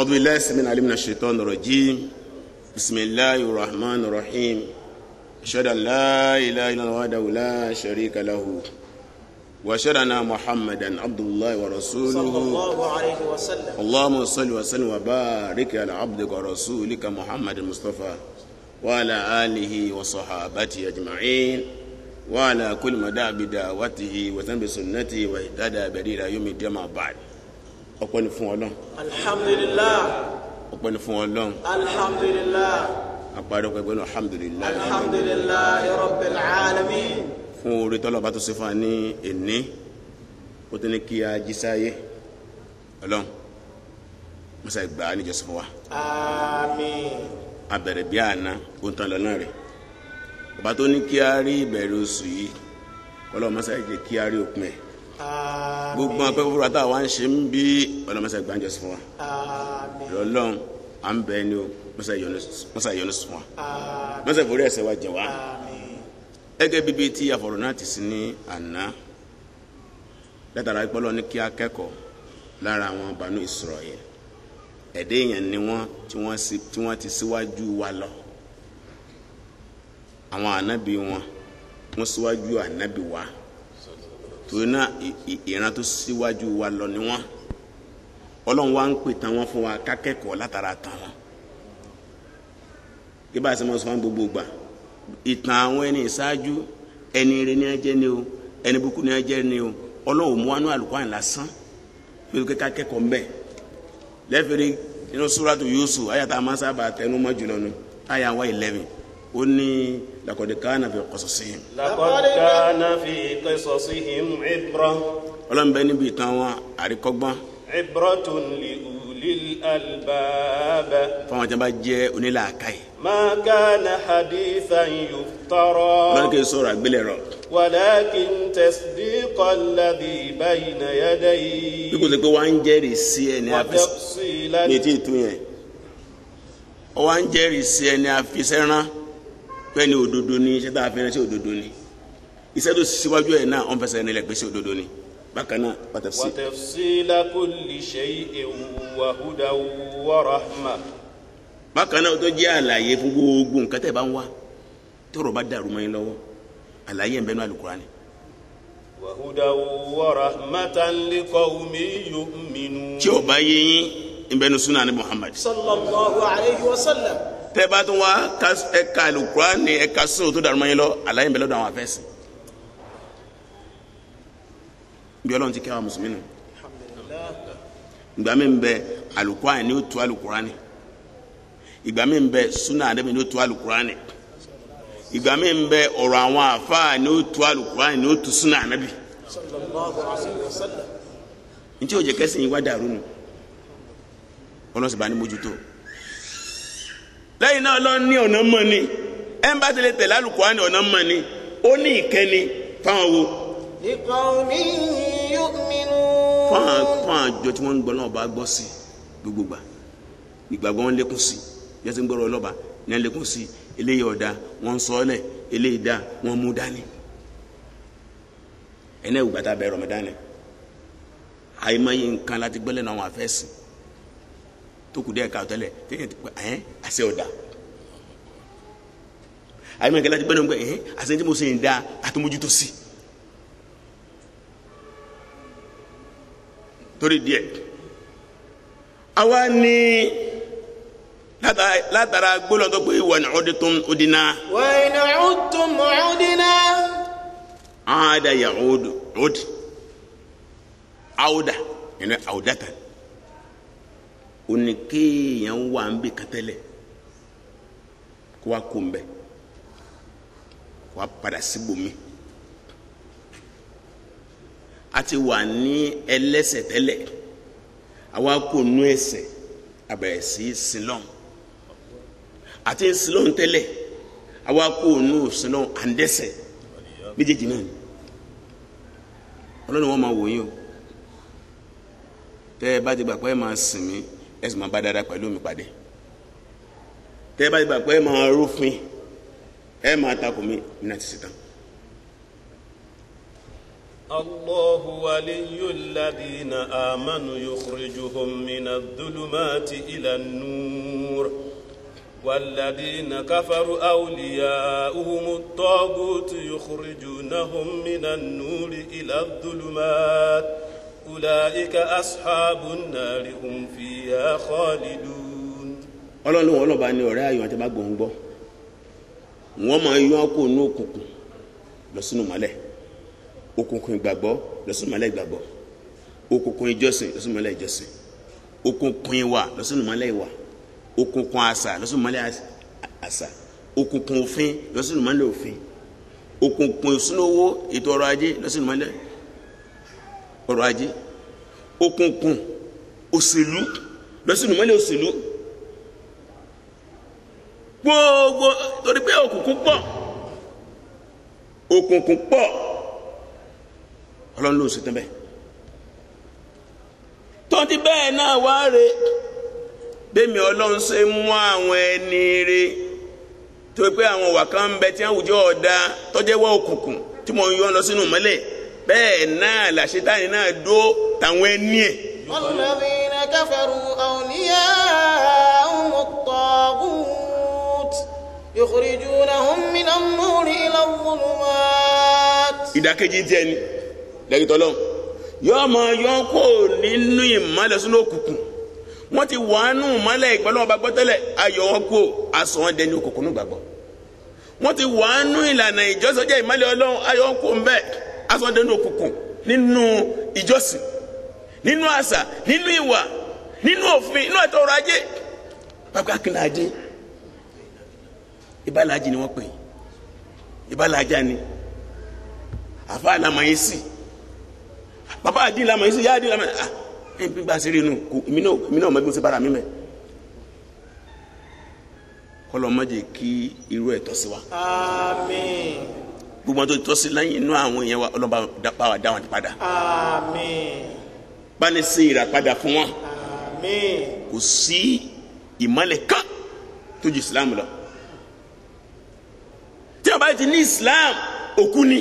أعوذ بالله السميع العليم من الشيطان الرجيم بسم الله الرحمن الرحيم أشهد أن لا إله إلا الله وحده لا شريك له وأشهد أن محمدا عبد الله ورسوله صلى الله عليه وسلم اللهم صل وسلم وبارك على عبدك ورسولك محمد المصطفى وعلى آله وصحابته أجمعين وعلى كل مدى بدعوته وذنب سنته واهتدى بريرا يوم الدين بعد ọpẹ́ ni fún ọlọ́run. alhamdulilah. ọpẹ́ ni fún ọlọ́run. alhamdulilah. àpàdé ọpẹ́ pẹ̀lú alhamdulilah. alhamdulilah rabbil alamin. fún orí tọ́lọ̀ bá tó ṣe fún wa ní ẹ̀ní ó tẹ́ ní kí a jí sáyé ọlọ́run musa gbà á níjọ sọfún wa. àmín. abẹ̀rẹ̀ bí àná kó ń tán lọ tó ní kí a rí ìbẹ̀rẹ̀ oṣù yìí ọlọ́run mọ́sá yìí kí a rí òpin ẹ̀ gbogbo apẹ́ fúra tá a wá ń ṣe ń bí ọlọ́mọṣẹ́ gbàǹjẹ́ sí fún wa lọ́lọ́run à ń bẹ ni o mọ́ṣá ìyọnu sí fún wa mọ́ṣá ìforí ẹ̀ṣẹ̀ wa jẹ̀ wá gẹ́gẹ́ bíbi tí àfọ̀rọ̀ náà ti sí ní àná látara ìpọ́lọ́ ní kí akẹ́kọ̀ọ́ lára àwọn Banu Israel ẹ̀dẹ́ èèyàn ni wọ́n tí wọ́n ti síwájú wa lọ àwọn ànábì wọn wọ́n síwájú ànábì wa. Si, torí náà ìran tó síwájú wa lọ ni wọn ọlọ́run wa ń pè tán fún wa kákẹ́kọ̀ọ́ látara tán wọn kí gbogbo gbà ìtàn àwọn ẹni ìṣáájú ẹni ire ni o ẹni burúkú ní ni o ọlọ́run mú wánú àlùkòrán lásán pé kí kákẹ́kọ̀ọ́ lakọ̀dé kánà fi kọ̀sọ̀síhìn. lakọ̀dé kánà fi kọ̀sọ̀síhìn ibra. ọlọ́run bẹ níbi ìtàn wọn àríkọ́gbọ́n. ibratun li ulil albab. fáwọn tí wọn bá jẹ onílàákàyè. ma kana hadithan yuftara. ọlọ́run kì í sọ̀rọ̀ àgbélẹ̀rọ. walakin tasdiqa alladhi bayna yadayhi. bí kò sí pé wọ́n á ń jẹ́rìí sí ẹ̀ ní àfisẹ́ ní etí ìtú yẹn wọ́n á ń jẹ́rìí sí ẹ̀ ní àfisẹ́ rán pé ní òdodo ni iṣẹ́ tá a fẹ́ràn sí òdodo ni iṣẹ́ tó síwájú ẹ̀ náà wọ́n fẹsẹ̀ nílẹ̀ pé sí òdodo ni bákan náà pàtàkì. watafsila kulli shay'in wa hudan wa rahma. bákan náà ó tó jẹ́ àlàyé fún gbogbo nǹkan tẹ́ bá ń wá tọrọ bá dàrú mọ́ lọ́wọ́ àlàyé ẹ̀ ń bẹ́nu àlùkùránì. wa hudan wa rahmatan li qawmin yu'minun. tí o bá yé Muhammad. sallallahu alayhi wa sallam. tẹbàtún wa ẹka alukura ni ẹka sọ tó darumanye lọ ala yẹn bẹlẹ dọ àwọn afẹ sí biọlọ ti kẹwàá musulmi nù ìgbà mi bẹ alukura ni otu tu alukura ni ìgbà mi bẹ suna ale mi ni o tu alukura ni ìgbà mi bẹ ọrọ àwọn afa ni o tu alukura ni o suna ale bi n tí o jẹ kẹsìn yìí wá dàrú nù ọlọsibà ni lẹ́yìn náà lọ ní ọ̀nà mọ́ ni ẹ̀ ń tẹ̀lé ní ọ̀nà mọ́ ni ó ní ìkẹ́ni fáwọn wo. fáwọn fáwọn àjọ tí wọ́n ń gbogbo gbà ìgbàgbọ́ wọn lékún sí yẹn ti ń gbọ́rọ̀ ọlọ́ba lékún sí eléyìí ọ̀dà wọn sọ eléyìí dá wọn mú dání. a àìmọye nǹkan láti gbọ́lẹ̀ náà wọn àfẹ́ sìn tó kù dẹ́ ẹ̀ka ọ̀tẹ́lẹ̀ tẹ́yìn ti pẹ́ ẹ́n àṣẹ ọ̀dà àyè mẹ́kẹ́lá ti gbẹ́dọ̀ pé ẹ́n àṣẹ tí mo ṣe ń da àtúmójútó sí torí díẹ̀ àwa ní látara gbólọ́dọ̀ pé wà ní ọdún tó ń ọdínà. wà ní ọdún tó ń ọdínà. àádá yà ọdún ọdún àwòdà ẹni àwòdà tán ó ní kéèyàn wà ń bì kẹtẹlẹ kó wa kó ń bẹ kó wa padà síbòmí a ti wà ní ẹlẹ́ṣẹ̀ tẹ́lẹ̀ àwa kò nú ẹ̀ṣẹ̀ àbẹ̀rẹ̀ sí sílọ̀n àti sílọ̀n tẹ́lẹ̀ àwa kò nú sílọ̀n àǹdẹ́ṣẹ̀ méjèèjì náà ni ọlọ́run wọn máa wò yín o tẹ́ ẹ bá ti gbà pé ẹ máa sìn mí ẹ sì máa bá dáadáa pẹ̀lú mi pàdé tẹ́ bá ti gbà pé ẹ máa rófin ẹ máa takò mí nínú àti ṣetán. الله ولي الذين آمنوا يخرجهم من الظلمات إلى النور والذين كفروا أولياؤهم الطاغوت يخرجونهم من النور إلى الظلمات أولئك أصحاب النار هم فيها خالدون ọlọ́run wọn lọ́ba ní ọ̀rẹ́ ayọ̀ àti bàgbọ̀ ń gbọ́ wọ́n máa yọ ọkọ̀ ní òkùnkùn lọ sínú mọ́lẹ̀ òkùnkùn ìgbàgbọ́ lọ sínú mọ́lẹ̀ ìgbàgbọ́ òkùnkùn ìjọsìn lọ sínú mọ́lẹ̀ ìjọsìn òkùnkùn ìwà lọ sínú mọ́lẹ̀ ìwà òkùnkùn àṣà lọ sínú mọ́lẹ̀ àṣà òkùnkùn òfin lọ sínú mọ́lẹ̀ òfin òkùnkùn ìsúnowó ètò ọrọ̀ ajé lọ sínú mọ́lẹ̀ ọrọ̀ ajé okunkun òṣèlú lọ́sùnù mọ́lẹ̀ òṣèlú gbogbo torí pé òkùnkùn pọ̀ òkùnkùn pọ̀ ọlọ́run ló ṣe tán bẹ́ẹ̀ tọ́ntì bẹ́ẹ̀ náà wá re bẹ́ẹ̀mi ọlọ́run ṣe àwọn ẹni re torí pé àwọn wà ń bẹ tí àwùjọ ọ̀dà òkùnkùn tí mo ń yọ lọ bẹ́ẹ̀ náà làṣetáni náà dó tàwọn ẹni ẹ̀. tiẹ̀ ni lẹ́yìn tọ́lọ́hún yóò yọ kó nínú ìmọ̀lẹ̀ sínú òkùnkùn wọ́n ti wàánú ìmọ̀lẹ̀ ìpẹ́lẹ́ ọba gbọ́tẹ́lẹ̀ ayọ̀ wọn kú aṣọ wọn dẹni òkùnkùn nígbàgbọ́ wọ́n ti wàánú ìlànà ìjọsọjẹ́ ìmọ̀lẹ̀ ọlọ́run ayọ̀ wọn ń bẹ́ẹ̀ asọ́dẹ́nu òkùnkùn nínú ninu nínú ninu asa, ninu iwa, ninu nínú ninu ọrọ̀ ajé pàpà kìlà ajé ìbálàájì ni wọ́n pè é ìbálàájà ni àfa làmàyé sí bàbá àdín làmàyé sí yá àdín làmàyé ah ẹ̀ ń gbígbà sí rí inú kò èmi náà èmi náà mọ̀ bí mo ṣe bára mi mẹ́ kọlọmọdé kí irú ẹ̀ tọ́ sí wa. àmín gbogbo tó tọ́ sí lẹ́yìn inú àwọn yẹn wa ọlọ́ba bá wa dá wọn padà. àmín. bá ní sí ìràpadà fún wọn. àmín. kò sí ìmọ̀lẹ̀ kan tó ju islam lọ. tí a bá ti ní islam òkú ni.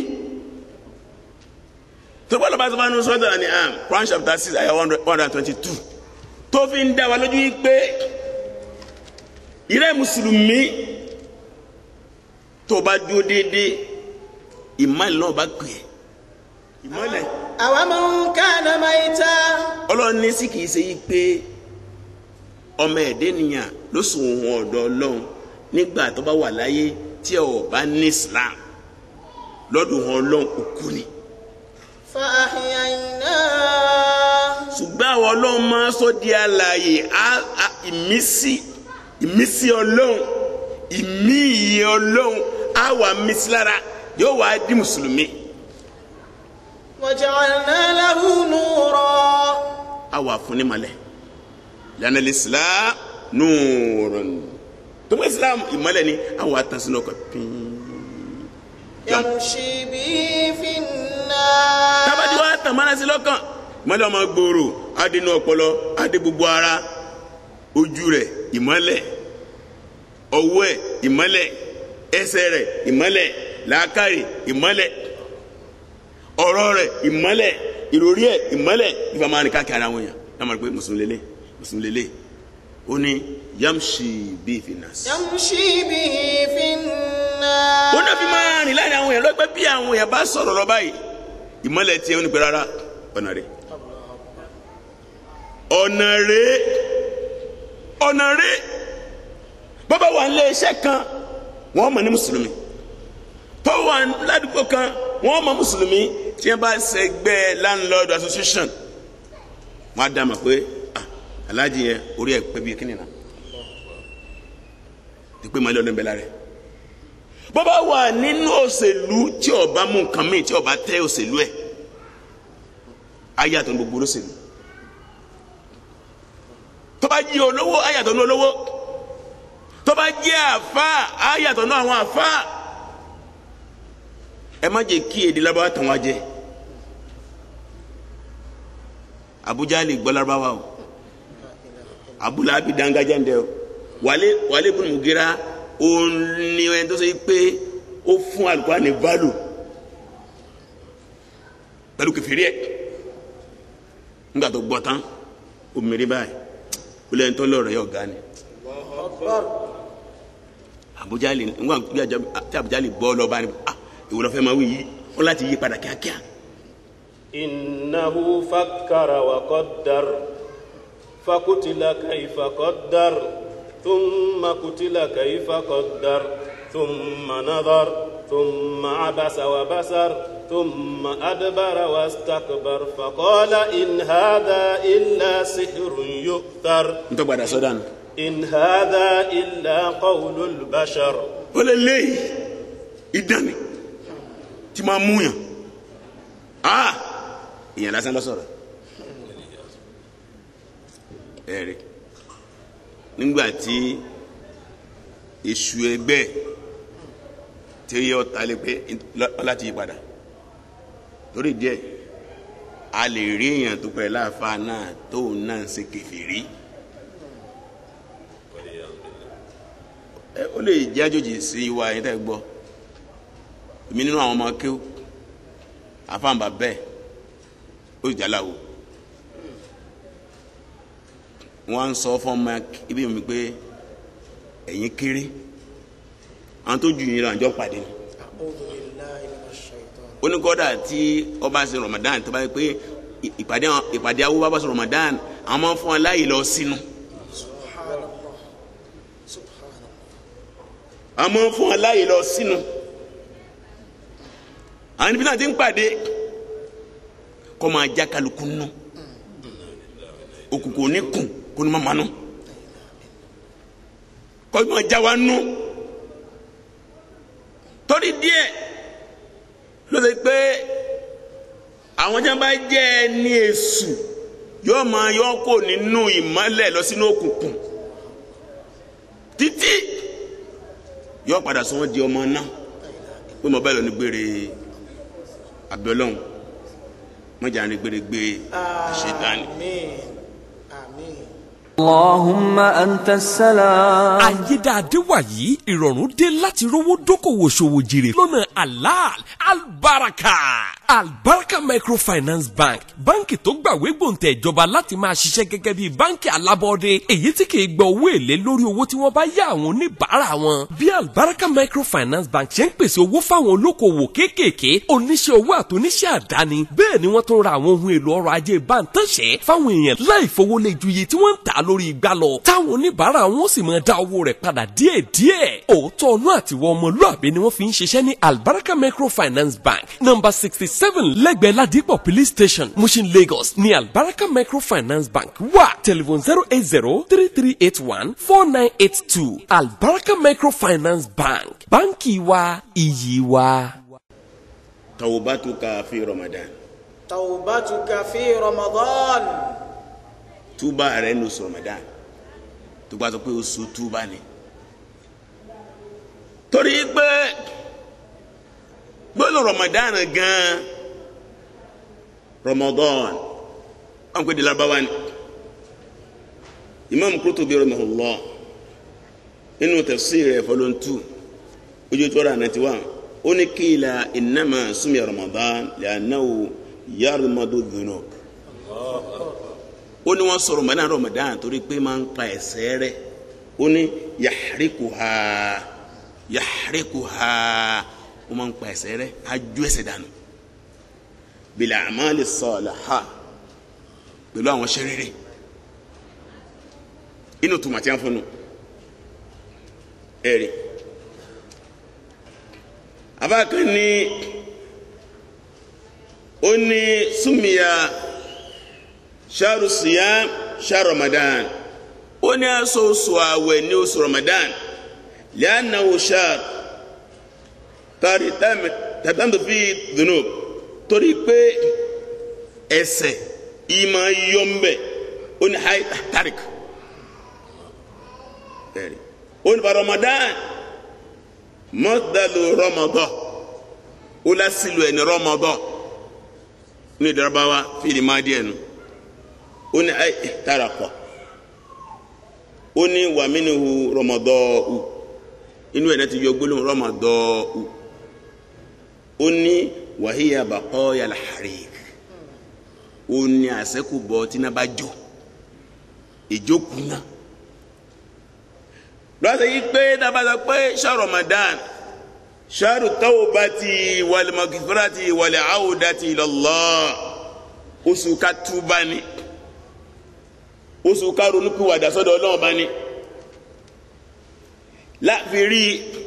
tó bá lọ́ba tó bá nu sọ́dọ̀ ni am ah, Quran chapter six ayah one hundred and twenty two tó fi ń dá wa lójú pé ìrẹ́ mùsùlùmí tó bá dúró déédéé ìmọ̀lẹ̀ náà bá pè é ìmọ̀lẹ̀. àwa máa ń ká àná máa yí ta. ọlọ́run ní sí kìí ṣe yí pé ọmọ ẹ̀dẹ́ nìyàn ló sùn òun ọ̀dọ̀ ọlọ́run nígbà tó bá wà láyé tí ẹ bá ní islam lọ́dún ọlọ́run òkú ni. fa ahyayna. ṣùgbọ́n àwọn ọlọ́run máa ń sọ di alààyè ìmísí ìmísí ọlọ́run ìmíyì ọlọ́run á wà mísí lára yóò wá di mùsùlùmí. wàjàlá lahu nùrọ. a wà fún ní malẹ lẹ́nu lisila nùrọ tó mú islam ìmọ̀lẹ̀ ni a wà tán sínú ọkọ̀ pín yamshi bi finna. tabati wa tamana sí lọ́kàn ìmọ́lẹ̀ ọmọ gbòòrò adínú ọpọlọ adé gbogbo ara ojú rẹ̀ ìmọ́lẹ̀ ọwọ́ ẹ̀ ìmọ́lẹ̀ ẹsẹ̀ rẹ̀ ìmọ́lẹ̀ làákàyè ìmọ́lẹ̀ ọ̀rọ̀ rẹ̀ ìmọ́lẹ̀ ìròrí ẹ̀ ìmọ́lẹ̀ ìfà máa rìn káàkiri ara wọn yàn náà máa rí pé mùsùlùmí lélẹ̀ mùsùlùmí lélẹ̀ ó ní yamshi bíi finnas. yamshi bíi finnas. ó náà fi máa rìn láàrin àwọn èèyàn lọ́pẹ́ bí àwọn èèyàn bá sọ̀rọ̀ lọ báyìí ìmọ́lẹ̀ tiẹ̀ ó pẹ́ rárá ọ̀nà rẹ̀ ọ̀nà rẹ̀ ọ̀nà rẹ̀ bọ́bá wà ń lé iṣẹ́ kan wọ́n mọ̀ ní mùsùlùmí tó wà ládùúgbò kan wọ́n mọ mùsùlùmí tí wọ́n bá ṣẹgbẹ́ landlord association wọ́n á dá mọ̀ pé ah, aláàjì yẹn orí ẹ̀ pẹ́ bíi kíni náà dípé mọ́lẹ́ ọdún bẹ́lá rẹ̀ bó bá wà nínú òṣèlú tí ọba mú nǹkan míì tí ọba tẹ òṣèlú ẹ̀ ayàtọ̀ gbogbo òṣèlú tó bá jí olówó ayàtọ̀ ní olówó tó bá jẹ́ àfa ayàtọ̀ ní àwọn àfa. ẹ má jẹ́ kí èdè lárúbáwá tàn wá jẹ Abuja lè gbọ́ o abula abi dangaja ń dẹ o wàlé ni tó so yìí pé ó fún alukóra ní value pẹ̀lú kẹfìrí ẹ̀ nígbà tó tán omiri báyìí wọlé ẹni tó lọ́rọ̀ yọ ọ̀gá Abuja lè Abuja lè bọ́ ìwòlọ́fẹ́ máa wí yìí ó láti yí padà kíákíá. innahu fakkara wa qaddar fakutila kaifa qaddar thumma kutila kaifa qaddar thumma nadhar thumma abasa wa basar thumma adbara wastakbar faqala in hadha illa sihrun yu'thar. n tó gbàdá sọ́dà nù. in hadha illa ó lè léyìí ìdánì tí máa mú yàn ah èèyàn lásán lọ sọ̀rọ̀ ẹ̀rí nígbà tí èṣù ẹgbẹ́ tí ó yẹ ọ̀tá lé pé láti yí padà lórí díẹ̀ a lè rí èèyàn tó pẹ̀lú àfa náà tóun náà ń ṣe kèfèrí. ó lè jẹ́ àjòjì sí wa ẹ̀yin tẹ́ gbọ́ èmi nínú àwọn ọmọ kéw àfàǹbà bẹ́ẹ̀ ó sì jáláwo wọ́n á ń sọ fún ọmọ ibi mi pé ẹ̀yin kéré àwọn tó ju yìnyín lọ àjọ pàdé ni ó ní kọ́dà tí ọba ṣe Ramadan tó bá yẹ pé ìpàdé awo bá ṣe Ramadan àwọn máa ń fún wọn láàyè lọ sínú. àwọn máa ń fún wọn láàyè lọ sínú àwọn níbi náà ti ń pàdé kọ́ máa já kálukú nù òkùnkùn ní kùn kó ní má manú kọ́ máa já wa nù torí díẹ̀ ló lè pé àwọn jẹ́ bá jẹ́ èṣù yóò máa yọ kó nínú ìmọ́lẹ̀ lọ sínú òkùnkùn títí yóò padà sọ wọ́n di ọmọ náà pé mo bẹ́ẹ̀ lọ ní gbére abẹ́lọ́hún mọ̀jà ní gbèrègbè àṣetánì. Allahumma anta salam. Àyédáadé wàyí ìrọ̀rùn dé láti rówó dókòwò ṣòwò jèrè lọ́nà halal albaraka albarka microfinance bank báǹkì tó gbàwé gbòǹtẹ̀ ìjọba láti máa ṣiṣẹ́ gẹ́gẹ́ bí báǹkì alábọ́ọ́dé èyí tí kìí gba owó èlé lórí owó tí wọ́n bá yá àwọn oníbàárà wọn. bí albarka microfinance bank ṣe ń pèsè owó fáwọn olókoòwò kéékèèké oníṣẹ́ owó àtúnṣe àdáni bẹ́ẹ̀ ni wọ́n tún ra àwọn ohun èlò ọrọ̀ ajé bántánṣẹ́ fáwọn èèyàn láì fowó lé ju iye tí wọ́n ń tà lórí igbá lọ táwọn oníbàárà wọn ni wọ́n fi microfinance bank number sixty seven lẹ́gbẹ̀ẹ́ ladipo police station mushin lagos ní albaraka microfinance bank wà telephone zero eight zero three three eight one four nine eight two albaraka microfinance bank báńkì wa iyì wa. tawbatuka fi ramadan. tawbatuka fi ramadan. Tuba rẹ̀ nù sọ ramadan tó bá sọ pé oṣù túbà ni torí pé nínú Ramadan gan Ramadan àwọn kò di labawa ni Imam Qurtubi rahimahullah nínú tafsir rẹ̀ fọlọ́ntù ojú tó rà náà ti wà ó ní kíla innama sumiya Ramadan li'annahu yarmadu dhunub ó ní wọ́n sọ Ramadan Ramadan torí pé máa ń pa ẹ̀ṣẹ̀ rẹ̀ ó ní yahrikuha yahrikuha ó máa ń pa ẹ̀ṣẹ̀ rẹ́ á ju ẹ̀ṣẹ̀ dànù bil a'mali salihah pẹ̀lú àwọn iṣẹ́ rere inú tòmátì àfọ̀nù ẹ̀rì abákan ní ó ní súnmìyà ṣáàrù siyam Ramadan ó ní aṣọ oṣù àwẹ̀ ní oṣù Ramadan lẹ́yìn náà ó ṣáàrù tari tẹ̀tẹ̀tẹ̀ fi dùnú torí pé ẹsẹ̀ ìmọ̀ yọ̀ǹbẹ̀ ó hayi tarik ó ba Ramadan mọ́tàlù Ramadan ó lásìlù ẹni Ramadan ní ìdárabáwa fìdí má díẹ̀ nu ó hayi tarakọ̀ ó ní wàmínú Ramadan inú ẹ̀ náà ti yọ gbólóhùn Ramadan ó ní wàhíyà bàkọ́ yàrá harik ó ní àṣẹ́kùbọ̀ tìǹbà jọ ìjókòó náà lọ́sẹ̀ yìí pé dábàtà pé ṣá Ramadan ṣáàrù tawbati wal magfirati wal audati ilallah oṣù ká túbà ni oṣù ká ronúpìwàdà sọ́dọ̀ Ọlọ́run bá ni láfi rí i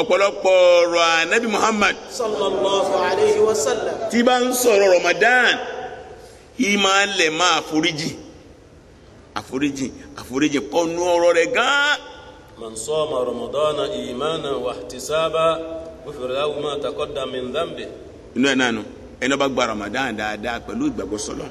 ọ̀pọ̀lọpọ̀ ọ̀rọ̀ anabi muhammad. sallallahu alayhi wa sallam. tí bá ń sọ̀rọ̀ ramadan yìí máa ń lẹ̀ máa àforíjì àforíjì àforíjì pọ̀nù ọ̀rọ̀ rẹ̀ gan-an. man soma ramadana imana wa ihtisaba wofere awo ma takọ́da min dhanbi. inú ẹ̀ náà nù ẹni ọba gba ramadan dáadáa pẹ̀lú ìgbàgbọ́ sọlọ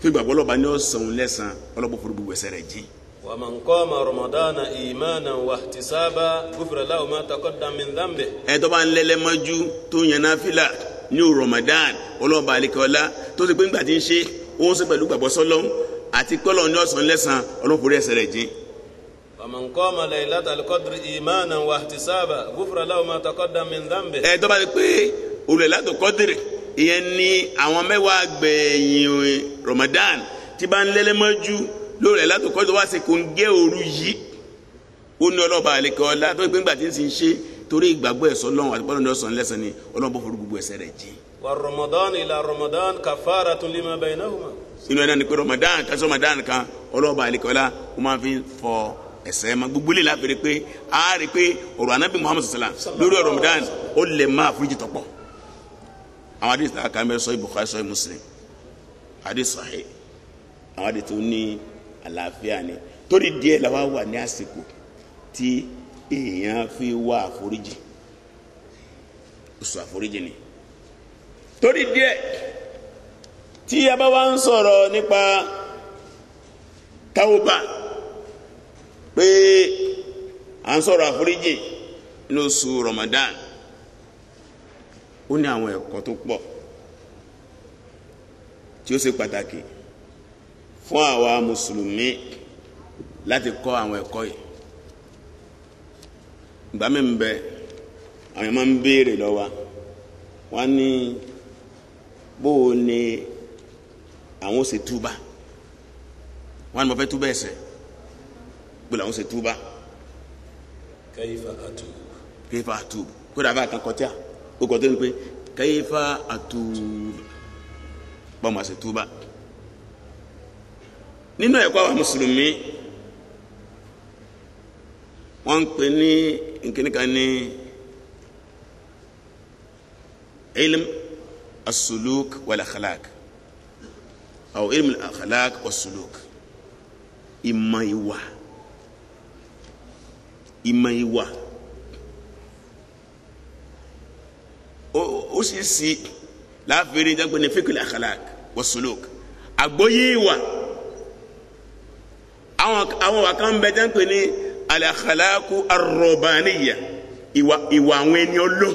fún ìgbàgbọ́ lọ́ba ní ọ̀sán lẹ́sàn ọlọ́gbọ́n fún gbogbo ẹ̀ṣẹ̀ rẹ̀ jìn. ومن قام رمضان إيمانا واحتسابا غفر له ما تقدم من ذنبه ẹ tó bá ń lẹ́lẹ́ mọ́jú tó yan náfìlà ní Ramadan ọlọ́ba àlekọ́lá tó ti pé ńgbà tí ń ṣe ó ń ṣe pẹ̀lú gbàgbọ́ sọ́lọ́hún àti pẹ́lọ́ ní ọ̀sán lẹ́sàn ọlọ́pọ̀rẹ́ ẹsẹ̀ rẹ̀ jìn. ومن قام ليلة القدر إيمانا واحتسابا غفر له ما تقدم من ذنبه ẹ tó bá ti pé olùlẹ́lẹ́dọ̀ kọ́dìrì ìyẹn ni àwọn mẹ́wàá gbẹ̀yìn Ramadan tí bá ń lórí ẹ̀ látò kọ́ni tó wá sí kò ń gé òru yìí ó ní ọlọ́ba àlekẹ́ ọlá tó gbé ńgbà tí ń sì ṣe torí ìgbàgbọ́ ẹ̀sọ́ lọ́wọ́ àti bọ́lá ọ̀sán lẹ́sàn ni ọlọ́ba forí gbogbo ẹ̀ṣẹ̀ rẹ̀ jì. wà rọmọdán ìlà rọmọdán kàfàrà tún lè náà wò. inú ẹ̀ náà ni pé Ramadan, kásán rọmọdán kan ọlọ́ba àlekẹ́ ọlá ó máa fi fọ ẹ̀ṣẹ̀ ma gbogbo lè lábẹ̀rẹ̀ pé a rí pé ọ̀rọ̀ anábì muhammadu sallam lórí rọmọdán ó lè máa fújì tọ̀pọ̀ àwọn àlàáfíà ni torí díẹ̀ làwa wà ní àsìkò tí èèyàn fi wá àforíjì oṣù àforíjì ni torí díẹ̀ tí a bá wá ń sọ̀rọ̀ nípa tawba pé à ń sọ̀rọ̀ àforíjì lóṣù Ramadan ó ní àwọn ẹ̀kọ́ tó pọ̀ tí ó ṣe pàtàkì fún àwa mùsùlùmí láti kọ́ àwọn ẹ̀kọ́ yìí ìgbà mi ń bẹ àwọn èèyàn máa ń béèrè lọ́wọ́ wọn ní bóò ni àwọn ó ṣe túbà wọn ni mo fẹ́ túbà ẹ̀ṣẹ̀ gbọ́dọ̀ làwọn ó ṣe túbà. kẹ́yìfà àtúbù. kẹ́yìfà àtúbù kó dàbà kan kọjá ó kọ́ tó ń pè kẹ́yìfà àtúbù báwo máa ṣe túbà nínú ẹ̀kọ́ àwọn mùsùlùmí wọ́n ń pè ní nkìnnìkan ní ilm as-suluk wal-akhlaq aw ilm al-akhlaq was-suluk ìmọ̀ ìwà ìmọ̀ ìwà ó sì sí láàfin ní jágbe ní fíkìlì akhlaq was-suluk ìwà àwọn àwọn kan bẹ jẹ́ ń pè ní alakalaku arọ̀bàníyà ìwà ìwà àwọn ẹni ọlọ́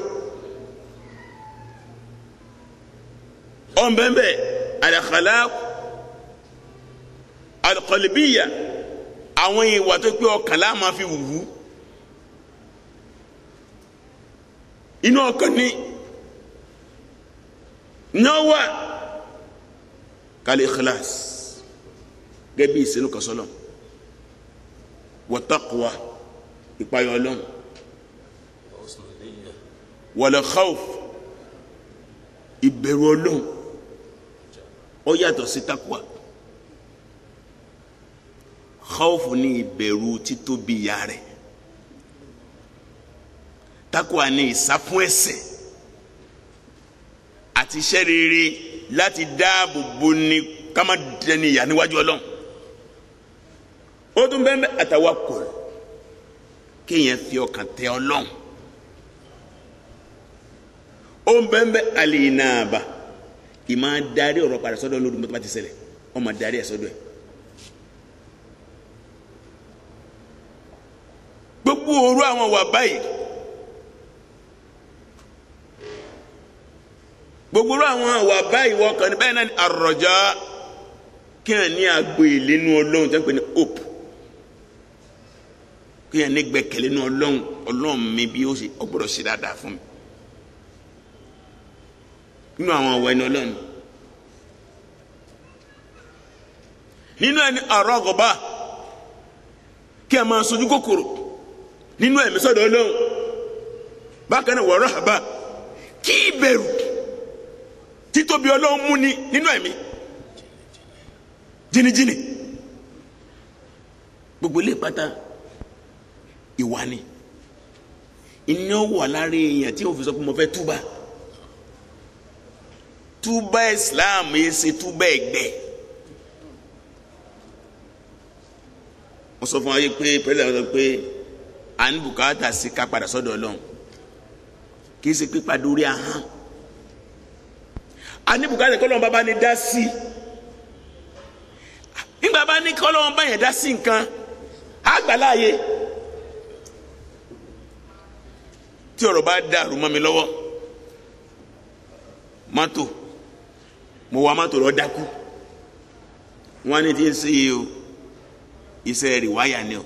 ọ̀nbẹ́nbẹ́ alakalaku alikọlibíyà àwọn ìwà tó pé ọkàn la máa fi wùwú inú ọkàn ni náà wà kálí gẹ́gẹ́ bí ìsinú kan wọtọkùwà ìpayọ Ọlọ́run wọlé khawf ìbẹ̀rù Ọlọ́run ó yàtọ̀ sí takuwa khawf ní ìbẹ̀rù títóbi ìyà rẹ̀ takuwa ní ìsáfún ẹ̀ṣẹ̀ àti iṣẹ́ rere láti dáàbò bo ni ká dẹni ìyà níwájú Ọlọ́run. O tún bẹ́ẹ̀ bẹ́ẹ̀ àtawakkul kéèyàn fi ọkàn tẹ ọlọ́run ó ń bẹ́ẹ̀ bẹ́ẹ̀ al-inaba ìmọ̀ darí ọ̀rọ̀ padà sọ́dọ̀ lórí mọ́tò bá ti ṣẹlẹ̀ ó máa darí ẹ̀ sọ́dọ̀ ẹ̀ gbogbo òru àwọn wà báyìí gbogbo òru àwọn wà báyìí wọ́n kàn ní báyìí náà ni àròjà kí ní agbo ìlénu ọlọ́run tó ní hope kí ẹni gbẹ́kẹ̀lé ní Ọlọ́run Ọlọ́run mi bí ó ṣe ọgbọ́dọ̀ ṣe dáadáa fún mi nínú àwọn ọwọ ẹni Ọlọ́run nínú ẹni àrọ ọgọba kí ẹ máa sojú kòkòrò nínú ẹ̀mí sọ́dọ̀ Ọlọ́run bákan náà wọrọ àbá kí ìbẹ̀rù títóbi Ọlọ́run mú ni nínú ẹ̀mí jìnnìjìnnì gbogbo ilé pátá ìwà ni ìní ó wà lára èèyàn tí ó fi sọ pé mo fẹ́ túbà túbà Islam yìí ṣe túbà ẹ̀gbẹ́ mo sọ fún wa yìí pé pẹ́lú àwọn pé à ń bùkátà sí ká padà sọ́dọ̀ Ọlọ́run kì í ṣe pípadà orí ahọ́n a ní bùkátà kọ́lọ́n bàbá ni dá sí nígbà bá ní kọ́lọ́n bá yẹn dá sí nǹkan àgbàláyé. tí ọ̀rọ̀ bá dàrú mọ́ mi lọ́wọ́ mọ́tò mo wa mọ́tò lọ dákú wọ́n ní tí ń sí o iṣẹ́ rìwáyà ni o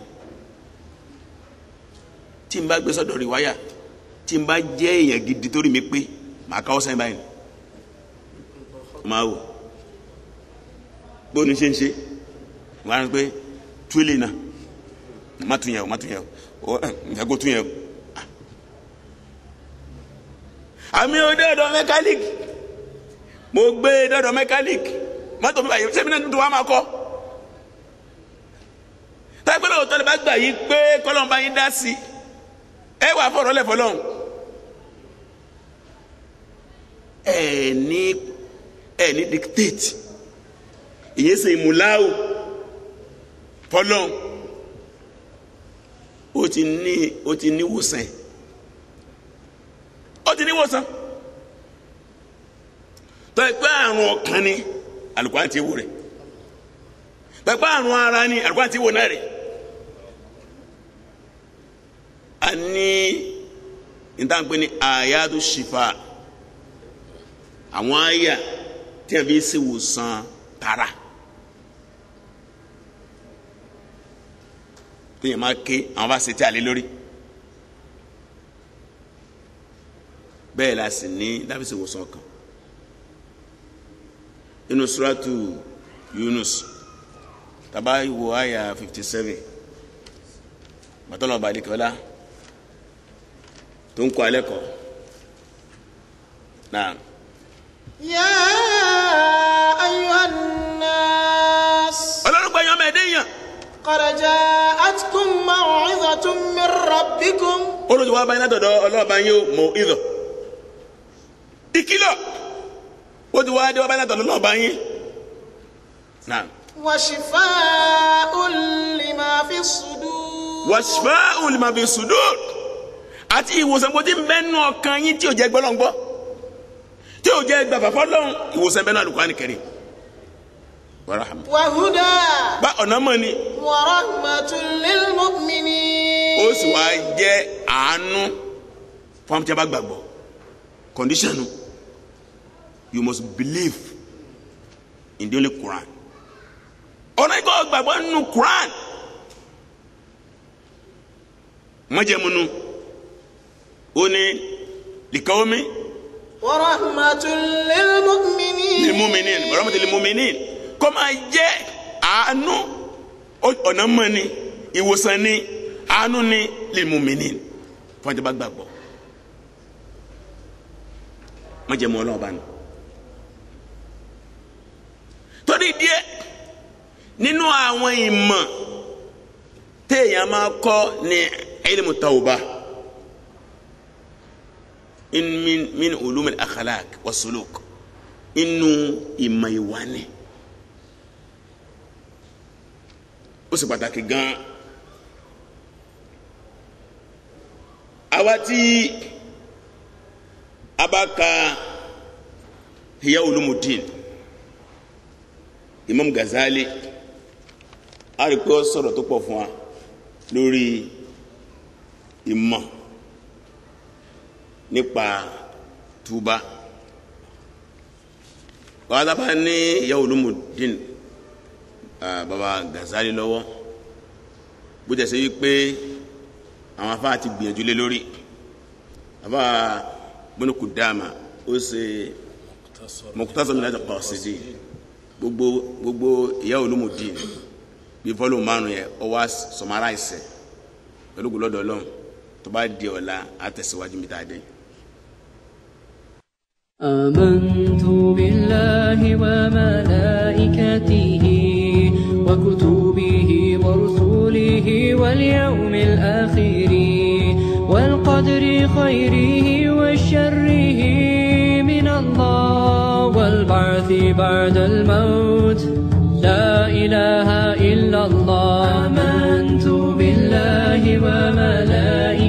tí n bá gbé sọ́dọ̀ rìwáyà tí n bá jẹ́ èèyàn gidi tó rí mi pé màá káwọ́ sẹ́yìn báyìí máa wò bóni ṣe ń ṣe wọ́n á rí pé túwélé náà má tún yẹ o má tún yẹ o ǹjẹ́ tún yẹ o. àmì òde ọ̀dọ̀ mẹkáníìkì mo gbé e dọ́dọ̀ mẹkáníìkì mọ́tò mi bàyẹ̀ sẹ́mi náà tuntun wa máa kọ́ tágbélé òótọ́ lè bá gbà yí pé kọ́lọ́n bá yín dá sí ẹ wà fọ̀rọ̀ lẹ̀ fọlọ́n ẹ ní ẹ ní dictate ìyẹn sì múláwù fọlọ́n ó ti ní ó ti ní wòsàn ó ti ní wòsàn pẹ̀pẹ́ àrùn ọkàn ni alùpàá ti wò rẹ̀ pẹ̀pẹ́ àrùn ara ni alùpàá ti wò náà rẹ̀ a ní nítaǹpé ní àyàdù ṣìfà àwọn àyà tí a fi ṣe wòsàn tara tí yẹn máa ké àwọn bá ṣe tí a lé lórí. bẹ́ẹ̀ la sì ní dábìsì wòsàn kan inú suratu Yunus taba wo aya fifty seven bàtọ́lọ̀ balikọ́lá tó ń kọ́ alẹ́ kọ́ náà. yá ayyuhan nas. ọlọ́run gbẹ̀yàn mẹ́ẹ̀ẹ́dẹ́yàn. qad ja'atkum maw'izatun min rabbikum. olùdíwọ́ abayín ọlọ́ọ̀bá yín ó ìzọ̀ ìkìlọ̀ ó ti wá dé wá bá yàtọ̀ lọ́nà ọba yín. wàṣìfáàùn lima fi sudur. wàṣìfáàùn lima fi sudur àti ìwòsàn bó ti ń bẹ́nu ọkàn yín tí ò jẹ́ gbọ́lọ́ ń gbọ́ tí ò jẹ́ gbà fàfọ́ lọ́hùn ìwòsàn bẹ́nu Al-Qur'ani wàhúdà. bá ọ̀nà mọ̀ ni. wa rahmatul lil mu'minin. ó sì wá jẹ́ àánú fún àwọn gbàgbọ́ kọ̀ndíṣàn you must believe in the only Quran onígbà gbàgbọ́ nínú Quran mọ́jẹ̀múnú ó ní lìkàwọ́mí. wa rahmatun lil mu'minin. lil mu'minin wa rahmatun lil mu'minin kọ́ máa jẹ́ àánú ọ̀nà mọ́ ni ìwòsàn ni àánú ni lil mu'minin fún àjọba gbàgbọ́ mọ́jẹ̀mú ọlọ́ọ̀bá ni torí díẹ̀ nínú àwọn ìmọ̀ téèyàn máa kọ́ ní ilmu tawba in min min ulumil akhlaq wa suluk inú ìmọ̀ ìwà ni ó sì pàtàkì gan àwa tí a hiya ulumuddin. Imam Gazali a rí pé ó sọ̀rọ̀ tó pọ̀ fún wa lórí ìmọ̀ nípa túbá wàhálàbà ní ìyá olùmùdín baba Gazali lọ́wọ́ bó jẹ́ sí wípé àwọn afá ti gbìyànjú lé lórí afá Ibn Qudama ó ṣe Muqtasar Minhaj al-Qasidin gbogbo gbogbo ìyá olómòdì bí fọlọ márùn yẹn ọwọ sọmárà ẹsẹ pẹ̀lú gbọlọdọ Ọlọ́run tó bá di ọ̀la àtẹ̀síwájú mi tá آمنت بالله وملائكته وكتبه ورسله واليوم الآخر والقدر خيره والشر في بعد الموت لا إله إلا الله آمنت بالله وملائكته